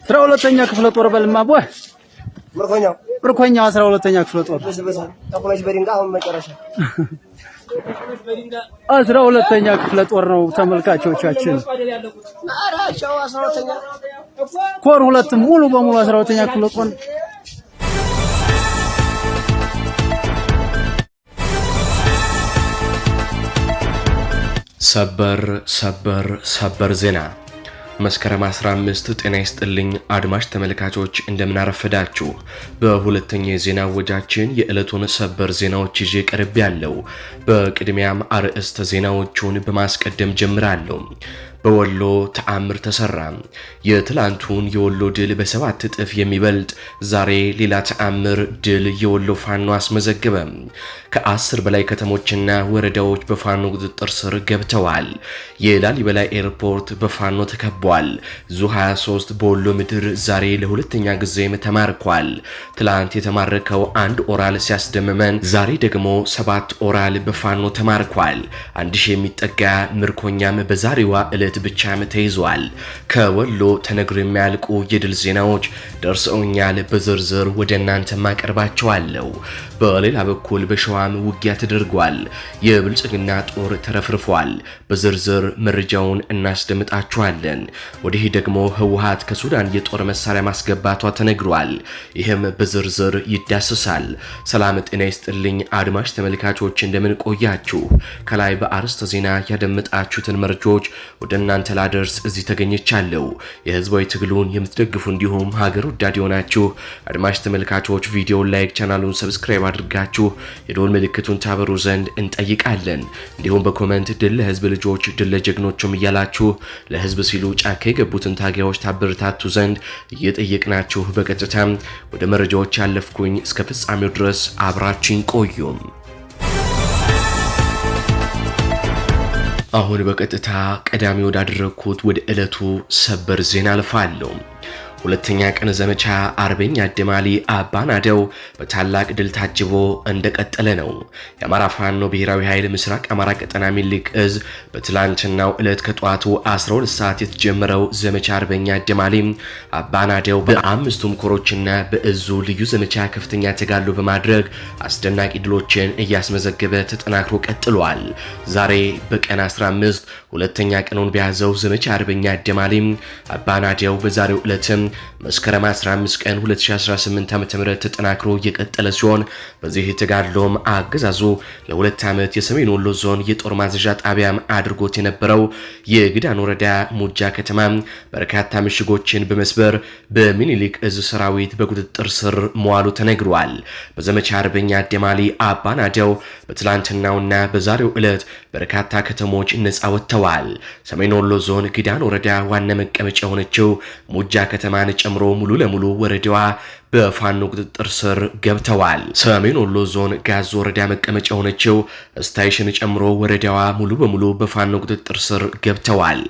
አስራ ሁለተኛ ክፍለ ጦር በልማ ቦይ ምርኮኛው ምርኮኛው አስራ ሁለተኛ ክፍለ ጦር በስ በስ ተቁለሽ በድንጋ አሁን መጨረሻ አስራ ሁለተኛ ክፍለ ጦር ነው ተመልካቾቻችን። ኮር ሁለት ሙሉ በሙሉ አስራ ሁለተኛ ክፍለ ጦር ሰበር ሰበር ሰበር ዜና መስከረም 15 ጤና ይስጥልኝ አድማጭ ተመልካቾች እንደምናረፈዳችሁ። በሁለተኛ የዜና ወጃችን የዕለቱን ሰበር ዜናዎች ይዤ ቀርብ ያለው። በቅድሚያም አርዕስተ ዜናዎቹን በማስቀደም ጀምራለሁ። በወሎ ተአምር ተሰራ። የትላንቱን የወሎ ድል በሰባት እጥፍ የሚበልጥ ዛሬ ሌላ ተአምር ድል የወሎ ፋኖ አስመዘገበ። ከአስር በላይ ከተሞችና ወረዳዎች በፋኖ ቁጥጥር ስር ገብተዋል። የላሊበላ ኤርፖርት በፋኖ ተከቧል። ዙ 23 በወሎ ምድር ዛሬ ለሁለተኛ ጊዜም ተማርኳል። ትላንት የተማረከው አንድ ኦራል ሲያስደምመን፣ ዛሬ ደግሞ ሰባት ኦራል በፋኖ ተማርኳል። አንድ ሺህ የሚጠጋ ምርኮኛም በዛሬዋ ዕለት ሁለት ብቻም ተይዟል። ከወሎ ተነግሮ የሚያልቁ የድል ዜናዎች ደርሰውኛል። በዝርዝር ወደ እናንተ ማቀርባቸዋለሁ። በሌላ በኩል በሸዋም ውጊያ ተደርጓል። የብልጽግና ጦር ተረፍርፏል። በዝርዝር መረጃውን እናስደምጣችኋለን። ወዲህ ደግሞ ህወሀት ከሱዳን የጦር መሳሪያ ማስገባቷ ተነግሯል። ይህም በዝርዝር ይዳሰሳል። ሰላም ጤና ይስጥልኝ አድማጭ ተመልካቾች እንደምን ቆያችሁ? ከላይ በአርዕስተ ዜና ያደመጣችሁትን መረጃዎች ወደ እናንተ ላደርስ እዚህ ተገኝቻለሁ። የህዝባዊ ትግሉን የምትደግፉ እንዲሁም ሀገር ወዳድ የሆናችሁ አድማጭ ተመልካቾች ቪዲዮን ላይክ፣ ቻናሉን ሰብስክራይብ አድርጋችሁ የዶል ምልክቱን ታበሩ ዘንድ እንጠይቃለን። እንዲሁም በኮመንት ድል ለህዝብ ልጆች ድል ለጀግኖቹም እያላችሁ ለህዝብ ሲሉ ጫካ የገቡትን ታጋዮች ታበረታቱ ዘንድ እየጠየቅናችሁ በቀጥታ ወደ መረጃዎች ያለፍኩኝ እስከ ፍጻሜው ድረስ አብራችኝ ቆዩም። አሁን በቀጥታ ቀዳሚ ወዳደረግኩት ወደ ዕለቱ ሰበር ዜና አልፋለሁ። ሁለተኛ ቀን ዘመቻ አርበኛ አደማሊ አባናደው በታላቅ ድል ታጅቦ እንደቀጠለ ነው። የአማራ ፋኖ ብሔራዊ ኃይል ምስራቅ አማራ ቀጠና ሚኒልክ እዝ በትላንትናው ዕለት ከጠዋቱ 12 ሰዓት የተጀመረው ዘመቻ አርበኛ አደማሊ አባናደው በአምስቱም ኮሮችና በእዙ ልዩ ዘመቻ ከፍተኛ ተጋድሎ በማድረግ አስደናቂ ድሎችን እያስመዘገበ ተጠናክሮ ቀጥሏል። ዛሬ በቀን 15 ሁለተኛ ቀኑን በያዘው ዘመቻ አርበኛ አደማሊ አባናደው በዛሬው ዕለትም መስከረም 15 ቀን 2018 ዓ.ም ተጠናክሮ የቀጠለ ሲሆን በዚህ ተጋድሎም አገዛዙ ለሁለት ዓመት የሰሜን ወሎ ዞን የጦር ማዘዣ ጣቢያም አድርጎት የነበረው የግዳን ወረዳ ሙጃ ከተማ በርካታ ምሽጎችን በመስበር በሚኒሊክ እዝ ሰራዊት በቁጥጥር ስር መዋሉ ተነግሯል። በዘመቻ አርበኛ አደማሊ አባናደው በትላንትናውና በዛሬው ዕለት በርካታ ከተሞች ነፃ ወጥተዋል። ሰሜን ወሎ ዞን ግዳን ወረዳ ዋና መቀመጫ የሆነችው ሙጃ ከተማ ከተማን ጨምሮ ሙሉ ለሙሉ ወረዳዋ በፋኖ ቁጥጥር ስር ገብተዋል። ሰሜን ወሎ ዞን ጋዝ ወረዳ መቀመጫ የሆነችው ስታይሽን ጨምሮ ወረዳዋ ሙሉ በሙሉ በፋኖ ቁጥጥር ስር ገብተዋል።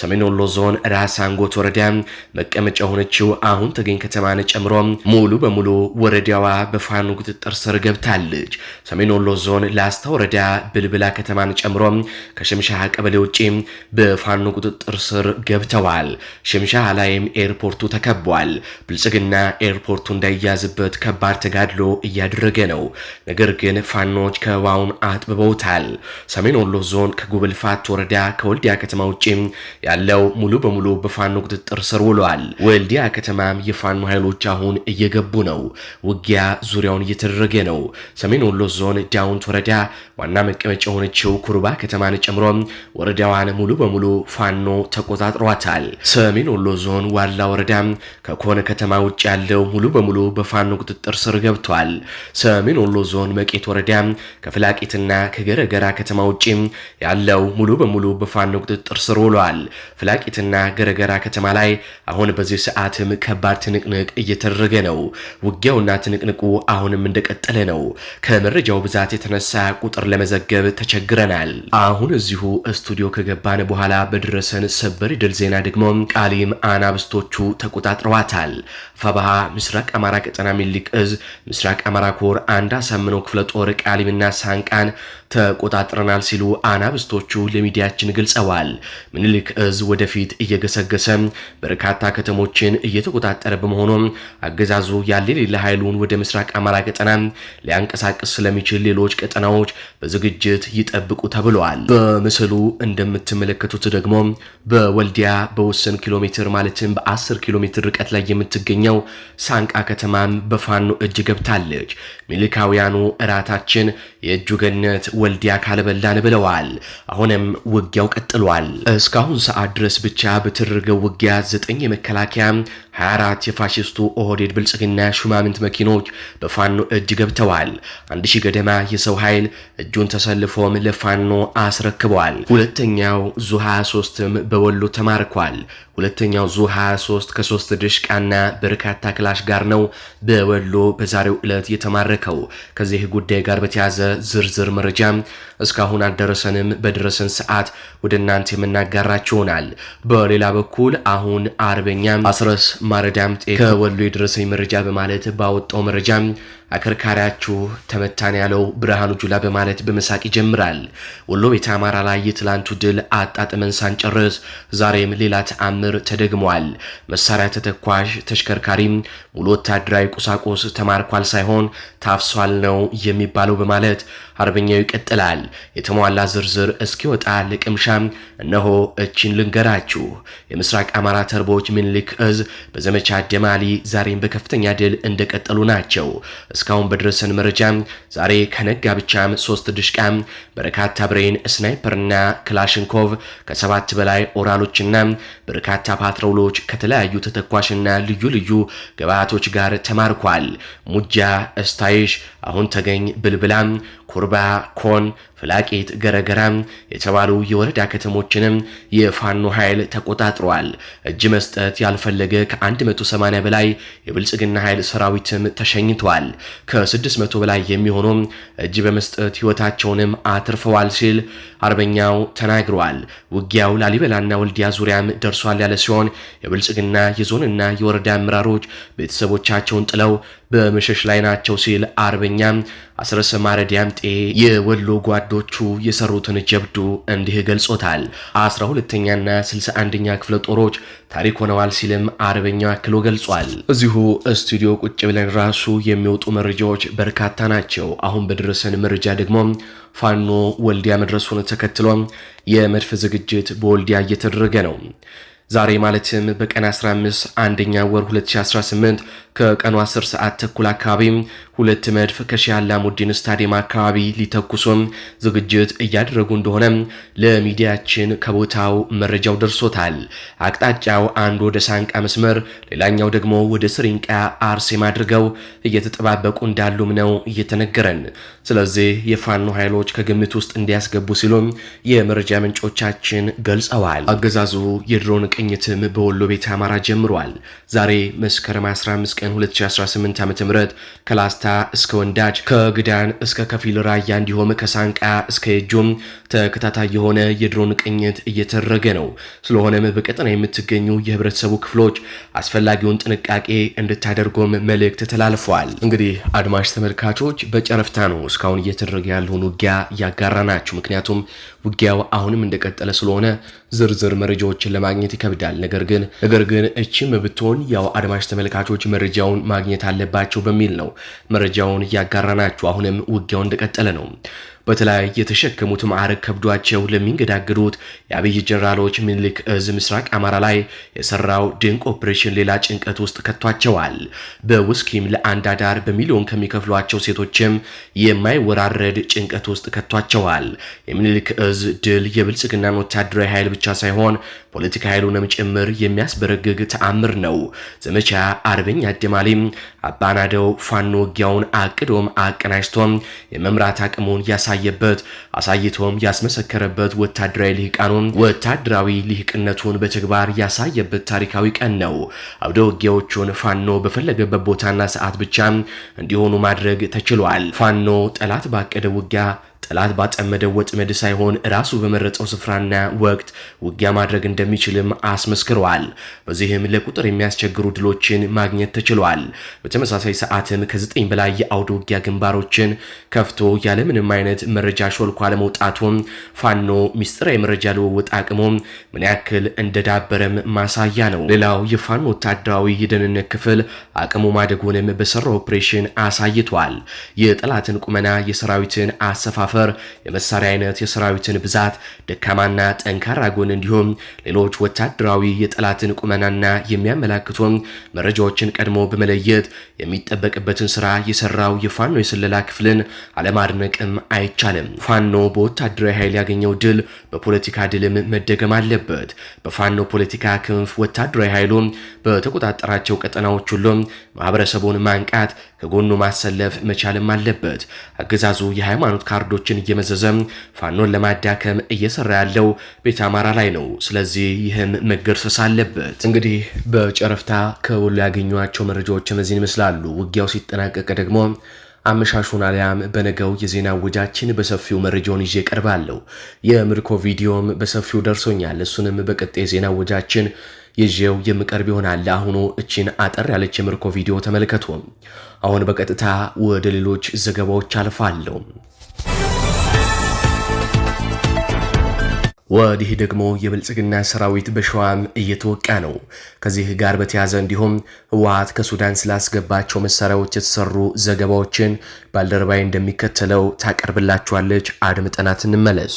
ሰሜን ወሎ ዞን ራስ አንጎት ወረዳ መቀመጫ የሆነችው አሁን ተገኝ ከተማን ጨምሮ ሙሉ በሙሉ ወረዳዋ በፋኖ ቁጥጥር ስር ገብታለች። ሰሜን ወሎ ዞን ላስታ ወረዳ ብልብላ ከተማን ጨምሮ ከሽምሻሃ ቀበሌ ውጪ በፋኖ ቁጥጥር ስር ገብተዋል። ሽምሻሃ ላይም ኤርፖርቱ ተከቧል። ብልጽግና ኤርፖርቱን እንዳይያዝበት ከባድ ተጋድሎ እያደረገ ነው። ነገር ግን ፋኖች ከበባውን አጥብበውታል። ሰሜን ወሎ ዞን ከጉብልፋት ወረዳ ከወልዲያ ከተማ ውጪም ያለው ሙሉ በሙሉ በፋኖ ቁጥጥር ስር ውሏል። ወልዲያ ከተማም የፋኖ ኃይሎች አሁን እየገቡ ነው። ውጊያ ዙሪያውን እየተደረገ ነው። ሰሜን ወሎ ዞን ዳውንት ወረዳ ዋና መቀመጫ የሆነችው ኩርባ ከተማን ጨምሮ ወረዳዋን ሙሉ በሙሉ ፋኖ ተቆጣጥሯታል። ሰሜን ወሎ ዞን ዋላ ወረዳ ከኮነ ከተማ ውጭ ያለው ሙሉ በሙሉ በፋኖ ቁጥጥር ስር ገብቷል። ሰሜን ወሎ ዞን መቄት ወረዳ ከፍላቂትና ከገረገራ ከተማ ውጭ ያለው ሙሉ በሙሉ በፋኖ ቁጥጥር ስር ውሏል። ፍላቂትና ገረገራ ከተማ ላይ አሁን በዚህ ሰዓትም ከባድ ትንቅንቅ እየተደረገ ነው። ውጊያውና ትንቅንቁ አሁንም እንደቀጠለ ነው። ከመረጃው ብዛት የተነሳ ቁጥር ለመዘገብ ተቸግረናል። አሁን እዚሁ ስቱዲዮ ከገባን በኋላ በደረሰን ሰበር ድል ዜና ደግሞ ቃሊም አናብስቶቹ ተቆጣጥረዋታል። ፈባሃ ምስራቅ ምስራቅ አማራ ቀጠና ሚኒልክ እዝ ምስራቅ አማራ ኮር አንድ አሳምነው ክፍለ ጦር ቃሊምና ሳንቃን ተቆጣጥረናል ሲሉ አናብስቶቹ ለሚዲያችን ገልጸዋል። ምኒልክ እዝ ወደፊት እየገሰገሰ በርካታ ከተሞችን እየተቆጣጠረ በመሆኑም አገዛዙ ያለ የሌለ ኃይሉን ወደ ምስራቅ አማራ ቀጠና ሊያንቀሳቅስ ስለሚችል ሌሎች ቀጠናዎች በዝግጅት ይጠብቁ ተብለዋል። በምስሉ እንደምትመለከቱት ደግሞ በወልዲያ በውስን ኪሎ ሜትር ማለትም በ10 ኪሎ ሜትር ርቀት ላይ የምትገኘው ሳንቃ ከተማም በፋኖ እጅ ገብታለች። ሚልካውያኑ እራታችን የእጁ ገነት ወልዲያ ካልበላን ብለዋል። አሁንም ውጊያው ቀጥሏል። እስካሁን ሰዓት ድረስ ብቻ በተደረገው ውጊያ ዘጠኝ የመከላከያ 24 የፋሽስቱ ኦህዴድ ብልጽግና ሹማምንት መኪኖች በፋኖ እጅ ገብተዋል። አንድ ሺህ ገደማ የሰው ኃይል እጁን ተሰልፎም ለፋኖ አስረክበዋል። ሁለተኛው ዙ 23ም በወሎ ተማርኳል። ሁለተኛው ዙ 23 ከሶስት ድሽቃና በርካታ ክላሽ ጋር ነው በወሎ በዛሬው ዕለት የተማረከው። ከዚህ ጉዳይ ጋር በተያዘ ዝርዝር መረጃ እስካሁን አልደረሰንም። በደረሰን ሰዓት ወደ እናንተ የምናጋራችሁናል። በሌላ በኩል አሁን አርበኛም አስረስ ማረዳምጤ ከወሎ የደረሰኝ መረጃ በማለት ባወጣው መረጃ አከርካሪያችሁ ተመታን ያለው ብርሃኑ ጁላ በማለት በመሳቅ ይጀምራል። ወሎ ቤተ አማራ ላይ የትላንቱ ድል አጣጥመን ሳንጨርስ ዛሬም ሌላ ተአምር ተደግሟል። መሳሪያ ተተኳሽ፣ ተሽከርካሪም፣ ሙሉ ወታደራዊ ቁሳቁስ ተማርኳል ሳይሆን ታፍሷል ነው የሚባለው በማለት አርበኛው ይቀጥላል። የተሟላ ዝርዝር እስኪወጣ ለቅምሻም እነሆ እችን ልንገራችሁ። የምስራቅ አማራ ተርቦች ምኒልክ እዝ በዘመቻ ደማሊ ዛሬም በከፍተኛ ድል እንደቀጠሉ ናቸው። እስካሁን በደረሰን መረጃ ዛሬ ከነጋ ብቻ ሶስት ድሽቃ፣ በርካታ ብሬን፣ ስናይፐርና ክላሽንኮቭ ከሰባት በላይ ኦራሎችና በርካታ ፓትሮሎች ከተለያዩ ተተኳሽና ልዩ ልዩ ግብዓቶች ጋር ተማርኳል። ሙጃ፣ እስታይሽ፣ አሁን ተገኝ፣ ብልብላ፣ ኩርባ፣ ኮን ፍላቄት፣ ገረገራ የተባሉ የወረዳ ከተሞችንም የፋኖ ኃይል ተቆጣጥሯል። እጅ መስጠት ያልፈለገ ከ180 በላይ የብልጽግና ኃይል ሰራዊትም ተሸኝተዋል። ከ600 በላይ የሚሆኑም እጅ በመስጠት ህይወታቸውንም አትርፈዋል ሲል አርበኛው ተናግረዋል። ውጊያው ላሊበላና ወልዲያ ዙሪያም ደርሷል ያለ ሲሆን የብልጽግና የዞንና የወረዳ አመራሮች ቤተሰቦቻቸውን ጥለው በመሸሽ ላይ ናቸው ሲል አርበኛ አስረሰ ማረዲያም ጤ የወሎ ጓዶቹ የሰሩትን ጀብዱ እንዲህ ገልጾታል። አስራ ሁለተኛና ስልሳ አንደኛ ክፍለ ጦሮች ታሪክ ሆነዋል ሲልም አርበኛው አክሎ ገልጿል። እዚሁ ስቱዲዮ ቁጭ ብለን ራሱ የሚወጡ መረጃዎች በርካታ ናቸው። አሁን በደረሰን መረጃ ደግሞ ፋኖ ወልዲያ መድረሱን ተከትሎ የመድፍ ዝግጅት በወልዲያ እየተደረገ ነው። ዛሬ ማለትም በቀን 15 አንደኛ ወር 2018 ከቀኑ 10 ሰዓት ተኩል አካባቢ ሁለት መድፍ ከሺህ አላሙዲን ስታዲየም አካባቢ ሊተኩሱም ዝግጅት እያደረጉ እንደሆነ ለሚዲያችን ከቦታው መረጃው ደርሶታል። አቅጣጫው አንዱ ወደ ሳንቃ መስመር፣ ሌላኛው ደግሞ ወደ ስሪንቃ አርሴም አድርገው እየተጠባበቁ እንዳሉም ነው እየተነገረን። ስለዚህ የፋኖ ኃይሎች ከግምት ውስጥ እንዲያስገቡ ሲሉም የመረጃ ምንጮቻችን ገልጸዋል። አገዛዙ የድሮን ቅኝትም በወሎ ቤት አማራ ጀምሯል። ዛሬ መስከረም 15 ቀን 2018 ዓ ም ከላስታ እስከ ወንዳጅ ከግዳን እስከ ከፊል ራያ እንዲሁም ከሳንቃ እስከ የጆም ተከታታይ የሆነ የድሮን ቅኝት እየተደረገ ነው። ስለሆነም በቀጠና የምትገኙ የህብረተሰቡ ክፍሎች አስፈላጊውን ጥንቃቄ እንድታደርጎም መልእክት ተላልፈዋል። እንግዲህ አድማሽ ተመልካቾች በጨረፍታ ነው እስካሁን እየተደረገ ያለውን ውጊያ እያጋራ ናችሁ። ምክንያቱም ውጊያው አሁንም እንደቀጠለ ስለሆነ ዝርዝር መረጃዎችን ለማግኘት ይከብዳል። ነገር ግን ነገር ግን እችም ብትሆን ያው አድማሽ ተመልካቾች መረጃውን ማግኘት አለባቸው በሚል ነው መረጃውን እያጋራ ናችሁ። አሁንም ውጊያው እንደቀጠለ ነው። በተለያየ የተሸከሙት ማዕረግ ከብዷቸው ለሚንገዳገዱት የአብይ ጀነራሎች ምኒልክ እዝ ምስራቅ አማራ ላይ የሰራው ድንቅ ኦፕሬሽን ሌላ ጭንቀት ውስጥ ከቷቸዋል። በውስኪም ለአንድ አዳር በሚሊዮን ከሚከፍሏቸው ሴቶችም የማይወራረድ ጭንቀት ውስጥ ከቷቸዋል። የምኒልክ እዝ ድል የብልጽግናን ወታደራዊ ኃይል ብቻ ሳይሆን ፖለቲካ ኃይሉንም ጭምር የሚያስበረግግ ተአምር ነው። ዘመቻ አርበኛ አደማሌም አባናደው ፋኖ ውጊያውን አቅዶም አቀናጅቶም የመምራት አቅሙን ያሳ ያሳየበት አሳይቶም ያስመሰከረበት ወታደራዊ ልሂቃኑን ወታደራዊ ልሂቅነቱን በተግባር ያሳየበት ታሪካዊ ቀን ነው። አውደ ውጊያዎቹን ፋኖ በፈለገበት ቦታና ሰዓት ብቻ እንዲሆኑ ማድረግ ተችሏል። ፋኖ ጠላት ባቀደ ውጊያ ጠላት ባጠመደው ወጥመድ ሳይሆን ራሱ በመረጠው ስፍራና ወቅት ውጊያ ማድረግ እንደሚችልም አስመስክረዋል። በዚህም ለቁጥር የሚያስቸግሩ ድሎችን ማግኘት ተችሏል። በተመሳሳይ ሰዓትም ከዘጠኝ በላይ የአውደ ውጊያ ግንባሮችን ከፍቶ ያለምንም አይነት መረጃ ሾልኮ አለመውጣቱም ፋኖ ሚስጥራዊ የመረጃ ልውውጥ አቅሙ ምን ያክል እንደዳበረም ማሳያ ነው። ሌላው የፋኖ ወታደራዊ የደህንነት ክፍል አቅሙ ማደጉንም በሰራው ኦፕሬሽን አሳይቷል። የጠላትን ቁመና የሰራዊትን አሰፋፈ ማፈር፣ የመሳሪያ አይነት፣ የሰራዊትን ብዛት፣ ደካማና ጠንካራ ጎን እንዲሁም ሌሎች ወታደራዊ የጠላትን ቁመናና የሚያመላክቱን መረጃዎችን ቀድሞ በመለየት የሚጠበቅበትን ስራ የሰራው የፋኖ የስለላ ክፍልን አለማድነቅም አይቻልም። ፋኖ በወታደራዊ ኃይል ያገኘው ድል በፖለቲካ ድልም መደገም አለበት። በፋኖ ፖለቲካ ክንፍ ወታደራዊ ኃይሉ በተቆጣጠራቸው ቀጠናዎች ሁሉ ማህበረሰቡን ማንቃት፣ ከጎኑ ማሰለፍ መቻልም አለበት። አገዛዙ የሃይማኖት ካርዶ አውዶችን እየመዘዘ ፋኖን ለማዳከም እየሰራ ያለው ቤተ አማራ ላይ ነው። ስለዚህ ይህም መገርሰስ አለበት። እንግዲህ በጨረፍታ ከወሎ ያገኟቸው መረጃዎች እነዚህን ይመስላሉ። ውጊያው ሲጠናቀቀ ደግሞ አመሻሹን አሊያም በነገው የዜና ወጃችን በሰፊው መረጃውን ይዤ ቀርባለሁ። የምርኮ ቪዲዮም በሰፊው ደርሶኛል። እሱንም በቀጣይ የዜና ወጃችን ይዤው የምቀርብ ይሆናል። አሁኑ እቺን አጠር ያለች የምርኮ ቪዲዮ ተመልከቱ። አሁን በቀጥታ ወደ ሌሎች ዘገባዎች አልፋለሁ። ወዲህ ደግሞ የብልጽግና ሰራዊት በሸዋም እየተወቃ ነው። ከዚህ ጋር በተያዘ እንዲሁም ህወሀት ከሱዳን ስላስገባቸው መሳሪያዎች የተሰሩ ዘገባዎችን ባልደረባይ እንደሚከተለው ታቀርብላችኋለች። አድምጠናት እንመለስ።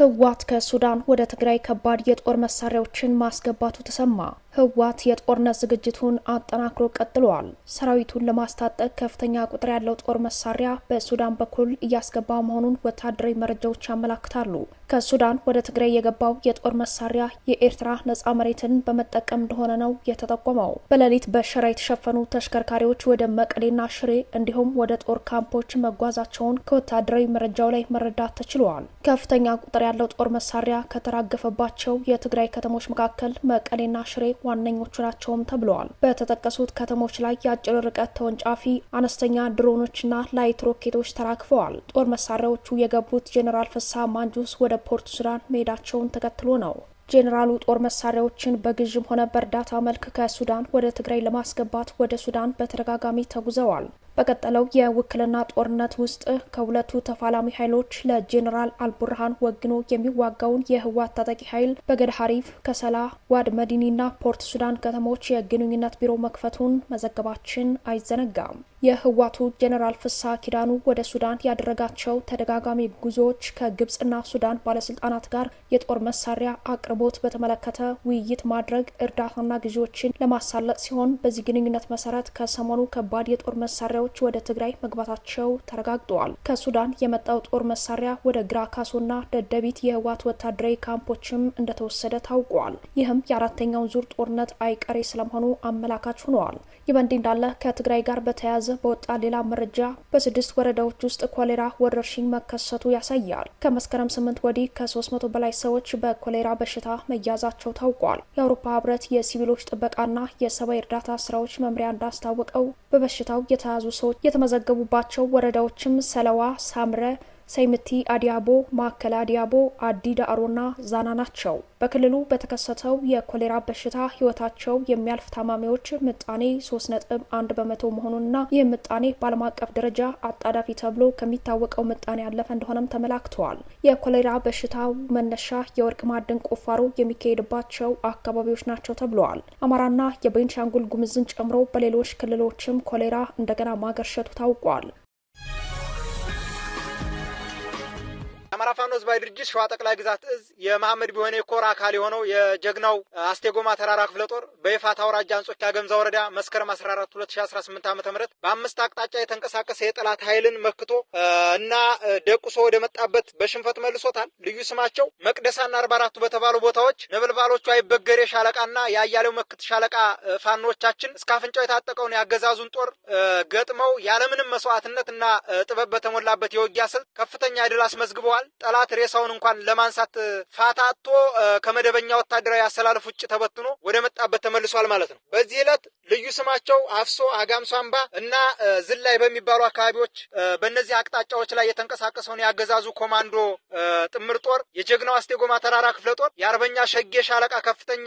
ህወሓት ከሱዳን ወደ ትግራይ ከባድ የጦር መሳሪያዎችን ማስገባቱ ተሰማ። ህወሓት የጦርነት ዝግጅቱን አጠናክሮ ቀጥሏል። ሰራዊቱን ለማስታጠቅ ከፍተኛ ቁጥር ያለው ጦር መሳሪያ በሱዳን በኩል እያስገባ መሆኑን ወታደራዊ መረጃዎች ያመላክታሉ። ከሱዳን ወደ ትግራይ የገባው የጦር መሳሪያ የኤርትራ ነፃ መሬትን በመጠቀም እንደሆነ ነው የተጠቆመው። በሌሊት በሸራ የተሸፈኑ ተሽከርካሪዎች ወደ መቀሌና ሽሬ እንዲሁም ወደ ጦር ካምፖች መጓዛቸውን ከወታደራዊ መረጃው ላይ መረዳት ተችሏል። ከፍተኛ ቁጥር ያለው ጦር መሳሪያ ከተራገፈባቸው የትግራይ ከተሞች መካከል መቀሌና ሽሬ ዋነኞቹ ናቸውም ተብለዋል። በተጠቀሱት ከተሞች ላይ የአጭር ርቀት ተወንጫፊ አነስተኛ ድሮኖችና ላይት ሮኬቶች ተራክፈዋል። ጦር መሳሪያዎቹ የገቡት ጄኔራል ፍሳ ማንጁስ ወደ ፖርት ሱዳን መሄዳቸውን ተከትሎ ነው። ጄኔራሉ ጦር መሳሪያዎችን በግዥም ሆነ በእርዳታ መልክ ከሱዳን ወደ ትግራይ ለማስገባት ወደ ሱዳን በተደጋጋሚ ተጉዘዋል። በቀጠለው የውክልና ጦርነት ውስጥ ከሁለቱ ተፋላሚ ኃይሎች ለጄኔራል አልቡርሃን ወግኖ የሚዋጋውን የህወሓት ታጣቂ ኃይል በገድ ሐሪፍ፣ ከሰላ፣ ዋድ መዲኒና ፖርት ሱዳን ከተሞች የግንኙነት ቢሮ መክፈቱን መዘገባችን አይዘነጋም። የህዋቱ ጄኔራል ፍስሐ ኪዳኑ ወደ ሱዳን ያደረጋቸው ተደጋጋሚ ጉዞዎች ከግብጽና ሱዳን ባለስልጣናት ጋር የጦር መሳሪያ አቅርቦት በተመለከተ ውይይት ማድረግ እርዳታና ግዢዎችን ለማሳለጥ ሲሆን በዚህ ግንኙነት መሰረት ከሰሞኑ ከባድ የጦር መሳሪያ መሳሪያዎች ወደ ትግራይ መግባታቸው ተረጋግጠዋል። ከሱዳን የመጣው ጦር መሳሪያ ወደ ግራ ካሶና ደደቢት የህወሓት ወታደራዊ ካምፖችም እንደተወሰደ ታውቋል። ይህም የአራተኛውን ዙር ጦርነት አይቀሬ ስለመሆኑ አመላካች ሆነዋል። ይህ በእንዲህ እንዳለ ከትግራይ ጋር በተያያዘ በወጣ ሌላ መረጃ በስድስት ወረዳዎች ውስጥ ኮሌራ ወረርሽኝ መከሰቱ ያሳያል። ከመስከረም ስምንት ወዲህ ከ300 በላይ ሰዎች በኮሌራ በሽታ መያዛቸው ታውቋል። የአውሮፓ ህብረት የሲቪሎች ጥበቃና የሰብአዊ እርዳታ ስራዎች መምሪያ እንዳስታወቀው በበሽታው የተያዙ ሰዎች የተመዘገቡባቸው ወረዳዎችም ሰለዋ፣ ሳምረ ሰይምቲ አዲያቦ፣ ማዕከል አዲያቦ፣ አዲ ዳዕሮና ዛና ናቸው። በክልሉ በተከሰተው የኮሌራ በሽታ ህይወታቸው የሚያልፍ ታማሚዎች ምጣኔ አንድ በመቶ መሆኑንና ይህ ምጣኔ በዓለም አቀፍ ደረጃ አጣዳፊ ተብሎ ከሚታወቀው ምጣኔ ያለፈ እንደሆነም ተመላክተዋል። የኮሌራ በሽታው መነሻ የወርቅ ማዕድን ቁፋሮ የሚካሄድባቸው አካባቢዎች ናቸው ተብለዋል። አማራና የቤንሻንጉል ጉምዝን ጨምሮ በሌሎች ክልሎችም ኮሌራ እንደገና ማገርሸቱ ታውቋል። የአማራ ፋኖ ህዝባዊ ድርጅት ሸዋ ጠቅላይ ግዛት እዝ የመሐመድ ቢሆኔ ኮር አካል የሆነው የጀግናው አስቴጎማ ተራራ ክፍለ ጦር በይፋት አውራጃ አንጾኪያ ገምዛ ወረዳ መስከረም 14 2018 ዓ ም በአምስት አቅጣጫ የተንቀሳቀሰ የጠላት ኃይልን መክቶ እና ደቁሶ ወደ መጣበት በሽንፈት መልሶታል። ልዩ ስማቸው መቅደሳና አርባ አራቱ በተባሉ ቦታዎች ነበልባሎቹ አይበገሬ ሻለቃና የአያሌው መክት ሻለቃ ፋኖቻችን እስከ አፍንጫው የታጠቀውን ያገዛዙን ጦር ገጥመው ያለምንም መስዋዕትነት እና ጥበብ በተሞላበት የውጊያ ስልት ከፍተኛ ድል አስመዝግበዋል። ተበትኗል። ጠላት ሬሳውን እንኳን ለማንሳት ፋታ አጥቶ ከመደበኛ ወታደራዊ አሰላለፍ ውጭ ተበትኖ ወደ መጣበት ተመልሷል ማለት ነው። በዚህ ዕለት ልዩ ስማቸው አፍሶ፣ አጋምሶ እና ዝላይ በሚባሉ አካባቢዎች በእነዚህ አቅጣጫዎች ላይ የተንቀሳቀሰውን ያገዛዙ ኮማንዶ ጥምር ጦር የጀግናው አስቴጎማ ተራራ ክፍለ ጦር የአርበኛ ሸጌ ሻለቃ ከፍተኛ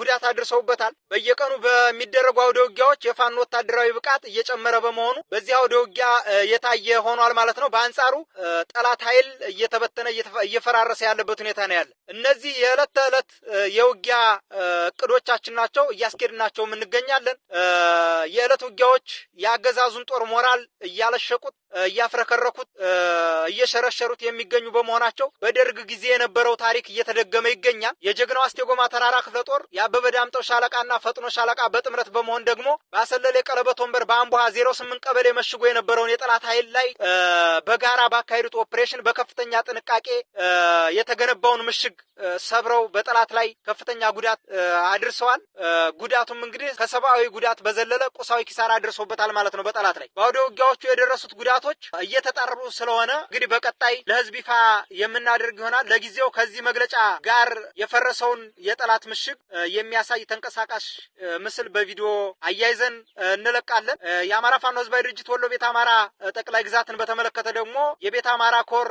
ጉዳት አድርሰውበታል። በየቀኑ በሚደረጉ አውደ ውጊያዎች የፋኖ ወታደራዊ ብቃት እየጨመረ በመሆኑ በዚህ አውደ ውጊያ የታየ ሆኗል ማለት ነው። በአንጻሩ ጠላት ኃይል እየተበተነ እየፈራረሰ ያለበት ሁኔታ ነው ያለ። እነዚህ የዕለት ተዕለት የውጊያ እቅዶቻችን ናቸው እያስኬድናቸው እንገኛለን። የዕለት ውጊያዎች የአገዛዙን ጦር ሞራል እያለሸቁት እያፍረከረኩት እየሸረሸሩት የሚገኙ በመሆናቸው በደርግ ጊዜ የነበረው ታሪክ እየተደገመ ይገኛል። የጀግናው አስቴጎማ ተራራ ክፍለ ጦር የአበበ ዳምጠው ሻለቃና ፈጥኖ ሻለቃ በጥምረት በመሆን ደግሞ በአሰለሌ ቀለበት ወንበር በአምቧሃ ዜሮ ስምንት ቀበሌ መሽጎ የነበረውን የጠላት ኃይል ላይ በጋራ ባካሄዱት ኦፕሬሽን በከፍተኛ ጥንቃቄ የተገነባውን ምሽግ ሰብረው በጠላት ላይ ከፍተኛ ጉዳት አድርሰዋል። ጉዳቱም እንግዲህ ከሰብአዊ ጉዳት በዘለለ ቁሳዊ ኪሳራ አድርሶበታል ማለት ነው። በጠላት ላይ በአውደ ውጊያዎቹ የደረሱት ጉዳት ጉዳቶች እየተጣሩ ስለሆነ እንግዲህ በቀጣይ ለህዝብ ይፋ የምናደርግ ይሆናል። ለጊዜው ከዚህ መግለጫ ጋር የፈረሰውን የጠላት ምሽግ የሚያሳይ ተንቀሳቃሽ ምስል በቪዲዮ አያይዘን እንለቃለን። የአማራ ፋኖ ህዝባዊ ድርጅት ወሎ ቤት አማራ ጠቅላይ ግዛትን በተመለከተ ደግሞ የቤት አማራ ኮር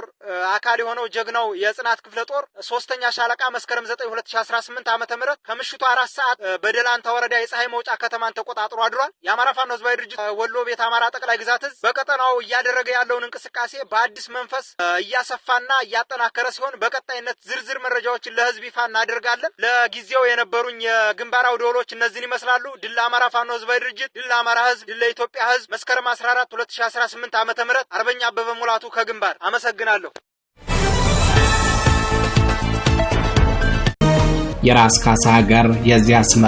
አካል የሆነው ጀግናው የጽናት ክፍለ ጦር ሶስተኛ ሻለቃ መስከረም 9 2018 ዓ ም ከምሽቱ አራት ሰዓት በደላንታ ወረዳ የፀሐይ መውጫ ከተማን ተቆጣጥሮ አድሯል። የአማራ ፋኖ ህዝባዊ ድርጅት ወሎ ቤት አማራ ጠቅላይ ግዛት ህዝብ በቀጠናው እያደረገ ያለውን እንቅስቃሴ በአዲስ መንፈስ እያሰፋና እያጠናከረ ሲሆን በቀጣይነት ዝርዝር መረጃዎችን ለህዝብ ይፋ እናደርጋለን። ለጊዜው የነበሩኝ የግንባር አውደ ውሎች እነዚህን ይመስላሉ። ድል አማራ ፋኖ ህዝባዊ ድርጅት፣ ድል አማራ ህዝብ፣ ድል ለኢትዮጵያ ህዝብ። መስከረም 14 2018 ዓ ም አርበኛ አበበ ሙላቱ ከግንባር አመሰግናለሁ። የራስ ካሳ ሀገር የዚያ ስመ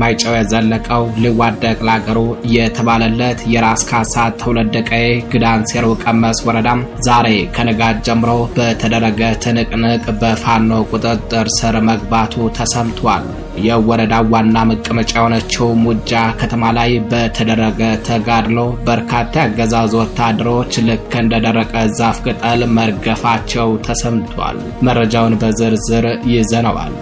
ማይጨው የዘለቀው ሊዋደቅ ለአገሩ የተባለለት የራስ ካሳ ትውልደ ቀዬ ግዳን ሴሮ ቀመስ ወረዳም ዛሬ ከንጋት ጀምሮ በተደረገ ትንቅንቅ በፋኖ ቁጥጥር ስር መግባቱ ተሰምቷል። የወረዳው ዋና መቀመጫ የሆነችው ሙጃ ከተማ ላይ በተደረገ ተጋድሎ በርካታ ያገዛዙ ወታደሮች ልክ እንደደረቀ ዛፍ ቅጠል መርገፋቸው ተሰምቷል። መረጃውን በዝርዝር ይዘነዋል።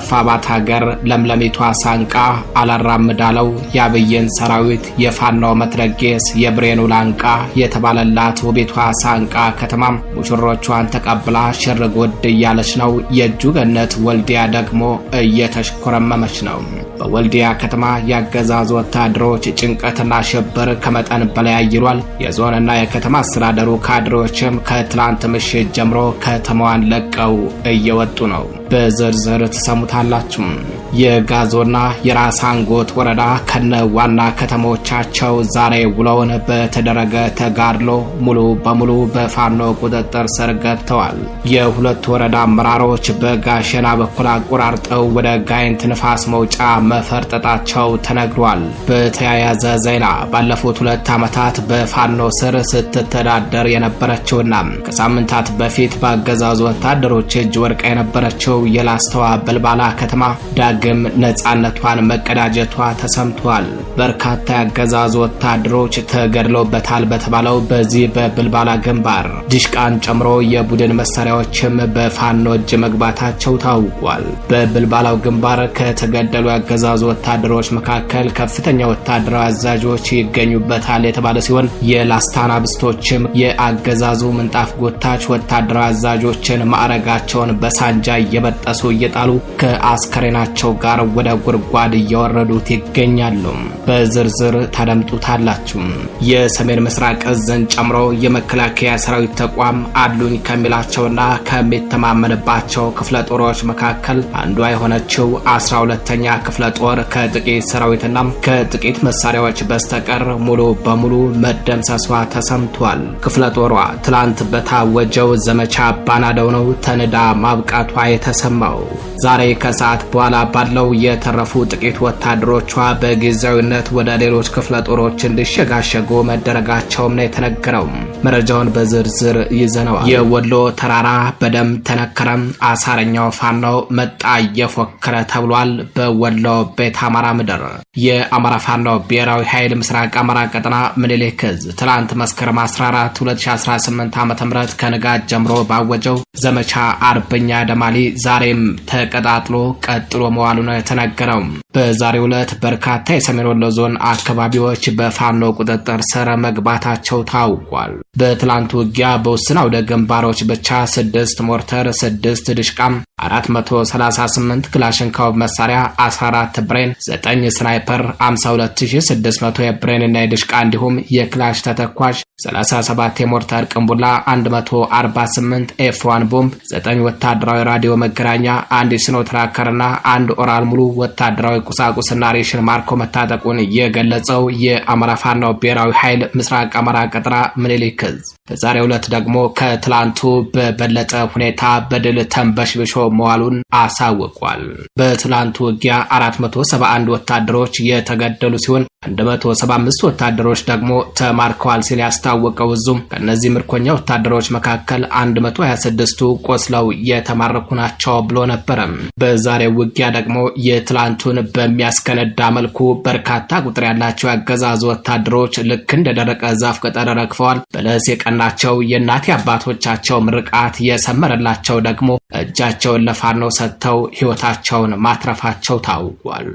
ከሰፋ ባት ሀገር ለምለሚቷ ሳንቃ አላራምዳለው የአብይን ሰራዊት የፋናው መትረጌስ የብሬኑ ላንቃ የተባለላት ውቤቷ ሳንቃ ከተማም ሙሽሮቿን ተቀብላ ሽር ጉድ እያለች ነው። የእጁ ገነት ወልዲያ ደግሞ እየተሽኮረመመች ነው። በወልዲያ ከተማ የአገዛዙ ወታደሮች ጭንቀትና ሽብር ከመጠን በላይ አይሏል። የዞንና የከተማ አስተዳደሩ ካድሬዎችም ከትላንት ምሽት ጀምሮ ከተማዋን ለቀው እየወጡ ነው። በዝርዝር ትሰሙታላችሁ። የጋዞና የራስ አንጎት ወረዳ ከነ ዋና ከተሞቻቸው ዛሬ ውለውን በተደረገ ተጋድሎ ሙሉ በሙሉ በፋኖ ቁጥጥር ስር ገብተዋል። የሁለቱ ወረዳ አመራሮች በጋሸና በኩል አቆራርጠው ወደ ጋይንት ንፋስ መውጫ መፈርጠጣቸው ተነግሯል። በተያያዘ ዜና ባለፉት ሁለት ዓመታት በፋኖ ስር ስትተዳደር የነበረችውና ከሳምንታት በፊት በአገዛዙ ወታደሮች እጅ ወርቃ የነበረችው የላስተዋ በልባላ ከተማ ዳ ዳግም ነፃነቷን መቀዳጀቷ ተሰምቷል። በርካታ ያገዛዙ ወታደሮች ተገድለውበታል በተባለው በዚህ በብልባላ ግንባር ዲሽቃን ጨምሮ የቡድን መሳሪያዎችም በፋኖ እጅ መግባታቸው ታውቋል። በብልባላው ግንባር ከተገደሉ ያገዛዙ ወታደሮች መካከል ከፍተኛ ወታደራዊ አዛዦች ይገኙበታል የተባለ ሲሆን የላስታና ብስቶችም የአገዛዙ ምንጣፍ ጎታች ወታደራዊ አዛዦችን ማዕረጋቸውን በሳንጃ እየበጠሱ እየጣሉ ከአስከሬናቸው ከእርሳቸው ጋር ወደ ጉድጓድ እየወረዱት ይገኛሉ። በዝርዝር ታደምጡታላችሁ። የሰሜን ምስራቅ እዝን ጨምሮ የመከላከያ ሰራዊት ተቋም አሉኝ ከሚላቸውና ከሚተማመንባቸው ክፍለ ጦሮች መካከል አንዷ የሆነችው አስራ ሁለተኛ ክፍለ ጦር ከጥቂት ሰራዊትና ከጥቂት መሳሪያዎች በስተቀር ሙሉ በሙሉ መደምሰሷ ተሰምቷል። ክፍለ ጦሯ ትላንት በታወጀው ዘመቻ አባናደው ነው ተንዳ ማብቃቷ የተሰማው ዛሬ ከሰዓት በኋላ ባለው የተረፉ ጥቂት ወታደሮቿ በጊዜያዊነት ወደ ሌሎች ክፍለ ጦሮች እንዲሸጋሸጉ መደረጋቸውም ነው የተነገረው። መረጃውን በዝርዝር ይዘነዋል። የወሎ ተራራ በደም ተነከረም፣ አሳረኛው ፋኖ መጣ እየፎከረ ተብሏል። በወሎ ቤት አማራ ምድር የአማራ ፋኖ ብሔራዊ ኃይል ምስራቅ አማራ ቀጠና ምኒልክ ዕዝ ትላንት መስከረም 14 2018 ዓ ም ከንጋት ጀምሮ ባወጀው ዘመቻ አርበኛ ደማሊ ዛሬም ተቀጣጥሎ ቀጥሎ መዋል መዋሉ ነው የተነገረው። በዛሬው ዕለት በርካታ የሰሜን ወሎ ዞን አካባቢዎች በፋኖ ቁጥጥር ስር መግባታቸው ታውቋል። በትላንት ውጊያ በውስን አውደ ግንባሮች ብቻ ስድስት ሞርተር፣ ስድስት ድሽቃም፣ 438 ክላሽንካው መሳሪያ፣ 14 ብሬን፣ 9 ስናይፐር፣ 52600 የብሬን እና የድሽቃ እንዲሁም የክላሽ ተተኳሽ 37 የሞርተር ቅንቡላ 148 ኤፍ1 ቦምብ 9 ወታደራዊ ራዲዮ መገናኛ አንድ ሲኖ አንድ ኦራል ሙሉ ወታደራዊ ቁሳቁስና ሬሽን ማርኮ መታጠቁን የገለጸው የአማራ ፋናው ብሔራዊ ኃይል ምስራቅ አማራ ቀጠና ምኒልክ ምርክዝ። በዛሬው ዕለት ደግሞ ከትላንቱ በበለጠ ሁኔታ በድል ተንበሽብሾ መዋሉን አሳውቋል። በትላንቱ ውጊያ 471 ወታደሮች የተገደሉ ሲሆን 175 ወታደሮች ደግሞ ተማርከዋል ሲል ያስታወቀው እዙም ከእነዚህ ምርኮኛ ወታደሮች መካከል 126ቱ ቆስለው የተማረኩ ናቸው ብሎ ነበረም። በዛሬው ውጊያ ደግሞ የትላንቱን በሚያስከነዳ መልኩ በርካታ ቁጥር ያላቸው ያገዛዙ ወታደሮች ልክ እንደደረቀ ዛፍ ቅጠል ረግፈዋል። በደረስ የቀናቸው የእናት አባቶቻቸው ምርቃት የሰመረላቸው ደግሞ እጃቸውን ለፋኖ ሰጥተው ሕይወታቸውን ማትረፋቸው ታውቋል።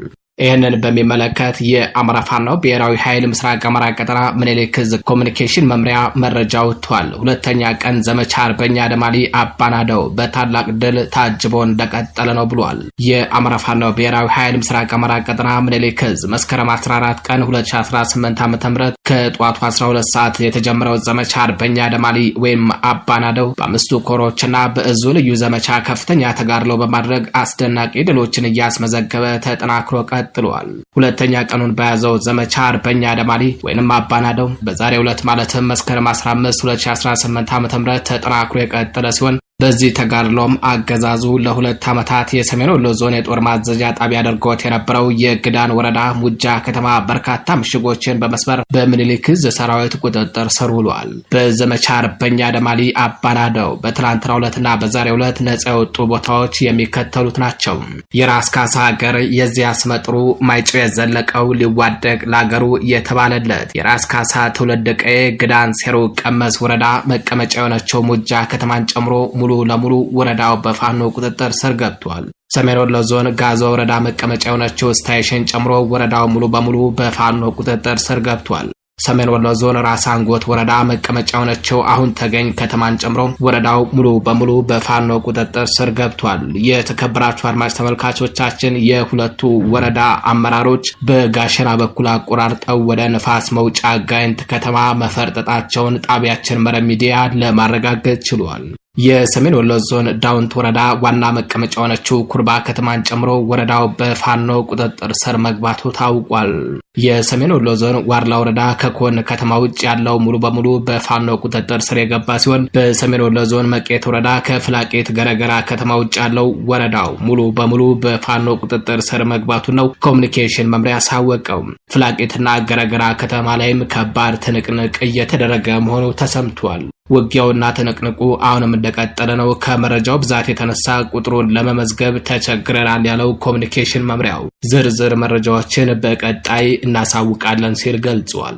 ይህንን በሚመለከት የአማራ ፋኖ ብሔራዊ ኃይል ምስራቅ አማራ ቀጠና ምኒልክ ዕዝ ኮሚኒኬሽን መምሪያ መረጃ ወጥቷል። ሁለተኛ ቀን ዘመቻ አርበኛ ደማሊ አባናደው በታላቅ ድል ታጅቦ እንደቀጠለ ነው ብሏል። የአማራ ፋኖ ብሔራዊ ኃይል ምስራቅ አማራ ቀጠና ምኒልክ ዕዝ መስከረም 14 ቀን 2018 ዓ ም ከጠዋቱ 12 ሰዓት የተጀመረው ዘመቻ አርበኛ ደማሊ ወይም አባናደው በአምስቱ ኮሮችና በእዙ ልዩ ዘመቻ ከፍተኛ ተጋድሎ በማድረግ አስደናቂ ድሎችን እያስመዘገበ ተጠናክሮ ቀ ቀጥሏል። ሁለተኛ ቀኑን በያዘው ዘመቻ አርበኛ አደማሊ ወይንም አባናደው በዛሬው ዕለት ማለትም መስከረም 15 2018 ዓ ም ተጠናክሮ የቀጠለ ሲሆን በዚህ ተጋድሎም አገዛዙ ለሁለት ዓመታት የሰሜን ወሎ ዞን የጦር ማዘዣ ጣቢያ አድርጎት የነበረው የግዳን ወረዳ ሙጃ ከተማ በርካታ ምሽጎችን በመስበር በምኒልክ ዕዝ ሰራዊት ቁጥጥር ስር ውሏል። በዘመቻ አርበኛ ደማሊ አባናደው በትላንትናው ዕለትና በዛሬው ዕለት ነጻ የወጡ ቦታዎች የሚከተሉት ናቸው። የራስ ካሳ ሀገር የዚህ አስመጥሩ ማይጨው የዘለቀው ሊዋደቅ ለአገሩ የተባለለት የራስ ካሳ ትውልድ ቀዬ ግዳን ሴሩ ቀመስ ወረዳ መቀመጫ የሆነችው ሙጃ ከተማን ጨምሮ ሙሉ ለሙሉ ወረዳው በፋኖ ቁጥጥር ስር ገብቷል። ሰሜን ወሎ ዞን ጋዞ ወረዳ መቀመጫ የሆነችው ስታይሽን ጨምሮ ወረዳው ሙሉ በሙሉ በፋኖ ቁጥጥር ስር ገብቷል። ሰሜን ወሎ ዞን ራስ አንጎት ወረዳ መቀመጫ የሆነችው አሁን ተገኝ ከተማን ጨምሮ ወረዳው ሙሉ በሙሉ በፋኖ ቁጥጥር ስር ገብቷል። የተከበራችሁ አድማጭ ተመልካቾቻችን የሁለቱ ወረዳ አመራሮች በጋሸና በኩል አቆራርጠው ወደ ንፋስ መውጫ ጋይንት ከተማ መፈርጠጣቸውን ጣቢያችን መረብ ሚዲያ ለማረጋገጥ ችሏል። የሰሜን ወሎ ዞን ዳውንት ወረዳ ዋና መቀመጫ የሆነችው ኩርባ ከተማን ጨምሮ ወረዳው በፋኖ ቁጥጥር ስር መግባቱ ታውቋል። የሰሜን ወሎ ዞን ዋርላ ወረዳ ከኮን ከተማ ውጭ ያለው ሙሉ በሙሉ በፋኖ ቁጥጥር ስር የገባ ሲሆን በሰሜን ወሎ ዞን መቄት ወረዳ ከፍላቄት ገረገራ ከተማ ውጭ ያለው ወረዳው ሙሉ በሙሉ በፋኖ ቁጥጥር ስር መግባቱ ነው ኮሚኒኬሽን መምሪያ ያሳወቀው። ፍላቄትና ገረገራ ከተማ ላይም ከባድ ትንቅንቅ እየተደረገ መሆኑ ተሰምቷል። ውጊያውና ትንቅንቁ አሁንም እንደቀጠለ ነው። ከመረጃው ብዛት የተነሳ ቁጥሩን ለመመዝገብ ተቸግረናል ያለው ኮሚኒኬሽን መምሪያው ዝርዝር መረጃዎችን በቀጣይ እናሳውቃለን ሲል ገልጿል።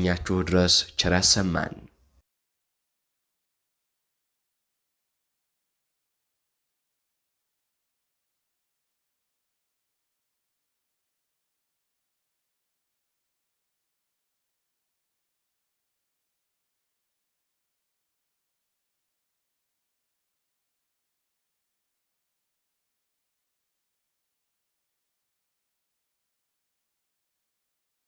نیت رو رس چرس من